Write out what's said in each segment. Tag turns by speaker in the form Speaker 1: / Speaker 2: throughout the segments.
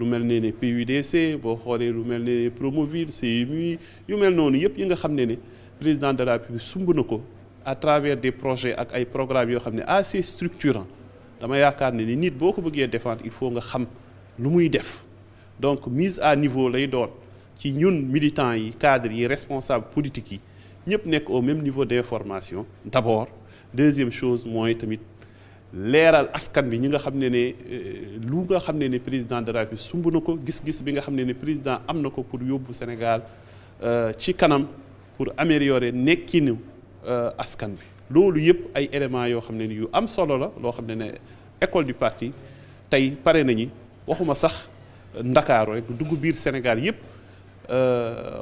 Speaker 1: lu mel ne ne PUDC boo xoolee lu mel ne ne Promoville CMU yu mel noonu yëpp yi nga xam ne ne président de la République sumb na ko à travers des projet ak ay programmes yoo xam ne assez structurants dama yaakaar ne ni nit boo ko bëggee défendre il faut nga xam lu muy def donc mise à niveau lay doon ci ñun militants yi cadre yi responsables politiques yi ñëpp nekk au même niveau d'information d'abord deuxième chose mooy tamit leeral askan bi ñi nga xam ne ne euh, lu nga xam ne ne président de sumb na ko gis-gis bi nga xam ne ne président am na ko pour yóbbu Sénégal euh, ci kanam pour améliorer nekkinu euh, askan bi loolu yëpp ay éléments yoo xam ne ni yu am solo la loo xam ne ne école du parti tey pare nañu waxuma sax ndakaaru rek dugg biir Sénégal yëpp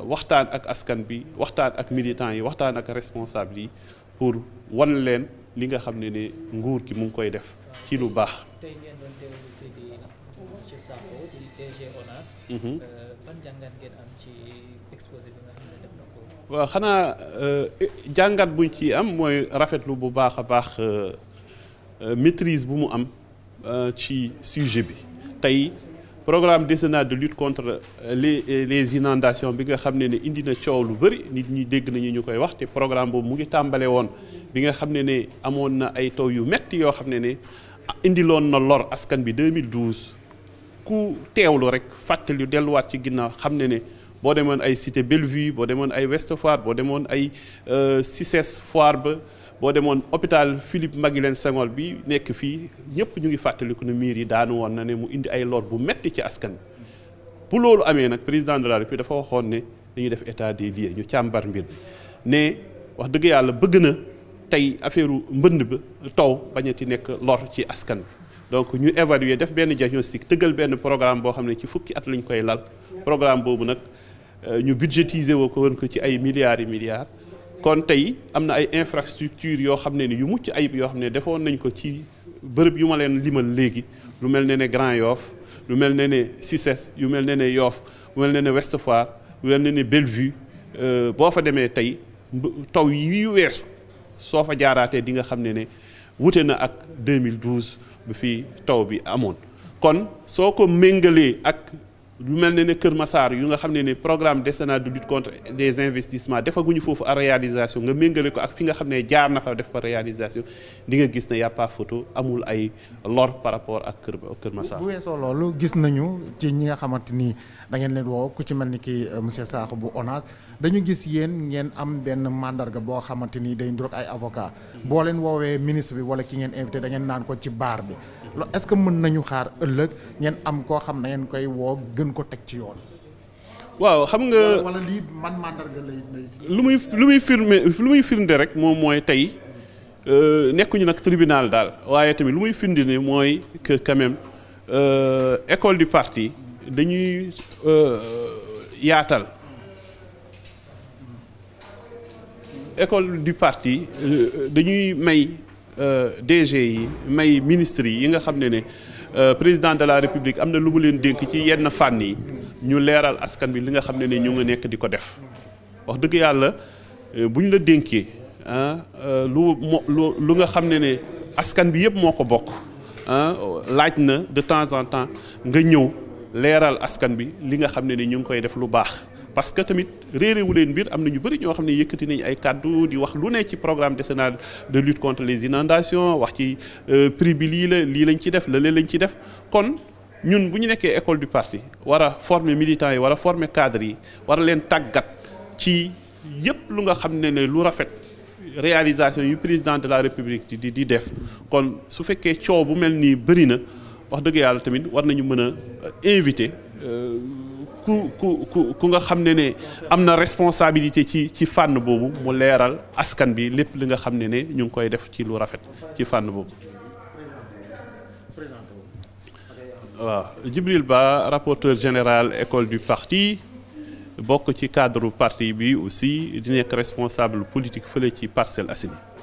Speaker 1: waxtaan ak askan bi waxtaan ak militants yi waxtaan ak responsables yi pour wan leen li nga xam ne ne nguur gi mu ngi koy def ci lu baax. Mhm. Euh, waaw xanaa euh, jàngat buñ ci am mooy rafetlu bu baax a baax euh, maîtrise bu mu am ci sujet bi tey. programme décennal de lutte contre euh, les euh, les inondations bi nga xam ne ne indi na coow lu bëri nit ñi dégg nañu ñu koy wax programme boobu mu ngi tàmbale woon bi nga xam ne ne amoon na ay taw yu metti yoo xam ne ne ah, indiloon na lor askan bi 2012 ku teewlu rek fàttali delluwaat ci ginnaaw xam ne ne boo demoon ay Cité Bellevue boo demoon ay Ouest Foire boo demoon ay euh, Cissesse Foire ba boo demoon hôpital Philippe Maguilène Senghor bi nekk fii ñëpp ñu ngi fàttaliku ne miir yi daanu woon na ne mu indi ay lor bu metti ci askan bu loolu amee nag président de la République dafa waxoon ne dañuy def état des lieux ñu càmbar mbir bi ne wax dëgg yàlla bëgg na tey affaire mbënd ba taw bañati nekk lor ci askan bi donc ñu évaluer def benn diagnostic tëggal benn programme boo xam ne ci fukki at lañ koy lal programme boobu nag euh, ñu budgétiser woo ko woon ko ci ay milliards et kon tey am na ay infrastructure yoo xam ne ni yu mucc ayib yoo xam ne defoon nañ ko ci bërëb yu ma leen limal léegi lu mel ne ne Grand yoof lu mel ne ne Cissesse yu mel ne ne yoof lu mel ne ne Ouest Foire lu mel ne ne Bellevue euh, boo fa demee tey taw yi weesu soo fa jaaraatee di nga xam ne ne wute na ak 2012 bu fi taw bi amoon kon soo ko méngalee ak lu mel ne ne Kër Massar yu nga xam ne ne programme décennal de lutte contre des investissements defaguñu foofu à réalisation nga méngale ko ak fi nga xam ne jaar na fa def fa réalisation di nga gis ne y a amul ay lor par rapport ak Kër Kër Massar. bu weesoo loolu gis nañu ci ñi nga xamante ni da leen woo ku ci mel ni ki euh, monsieur Sakho bu ONAS dañu gis yéen ngeen am benn mandarga boo xamante ni day nduroog ay avocat mm-hmm. boo leen woowee ministre bi wala ki invité da ngeen naan ko ci baar bi. est-ce que mën nañu xaar ëllëg ngeen am koo xam na ngeen koy woo gën ko teg ci yoon. waaw xam nga lii man mandarga lay lu muy lu muy firme lu muy firnde rek moom mooy tey euh, nekkuñu nag tribunal daal waaye tamit lu muy firnde ne mooy que quand même euh, école du parti dañuy euh, yaatal. école du parti dañuy may. Euh, DG yi may ministre yi yi nga xam ne ne euh, président de la république am na lu mu leen dénk ci yenn fànn yi ñu leeral askan bi li nga xam ne ne ñu nga nekk di ko def wax dëgg yàlla euh, bu ñu la dénkee ah lu lu nga xam ne ne askan bi yëpp moo ko bokk ah, laaj na de temps en temps nga ñëw. leeral askan bi li nga xam ne ni ñu ngi koy def lu baax parce que tamit réeréwu leen mbir am na ñu bëri ñoo xam ne yëkkati nañu ay kàddu di wax lu ne ci programme décennal de lutte contre les inondations wax ci euh, prix bi lii la lii lañ ci def la leen lañ ci def kon ñun bu ñu nekkee école du parti war a former militants yi war a former cadres yi war a leen tàggat ci yëpp lu nga xam ne ne lu rafet réalisation yu président de la république di di def kon su fekkee coow bu mel nii bëri na wax dëgg yàlla tamit war nañu mën a euh, invité euh, ku ku ku ku nga xam ne ne am na responsabilité ci ci fànn boobu mu leeral askan bi lépp li nga xam ne ne ñu ngi koy def ci lu rafet ci fànn boobu waaw Djibril Ba rapporteur général école du parti bokk ci cadre parti bi aussi di nekk responsable politique fële ci Parcelles Assainies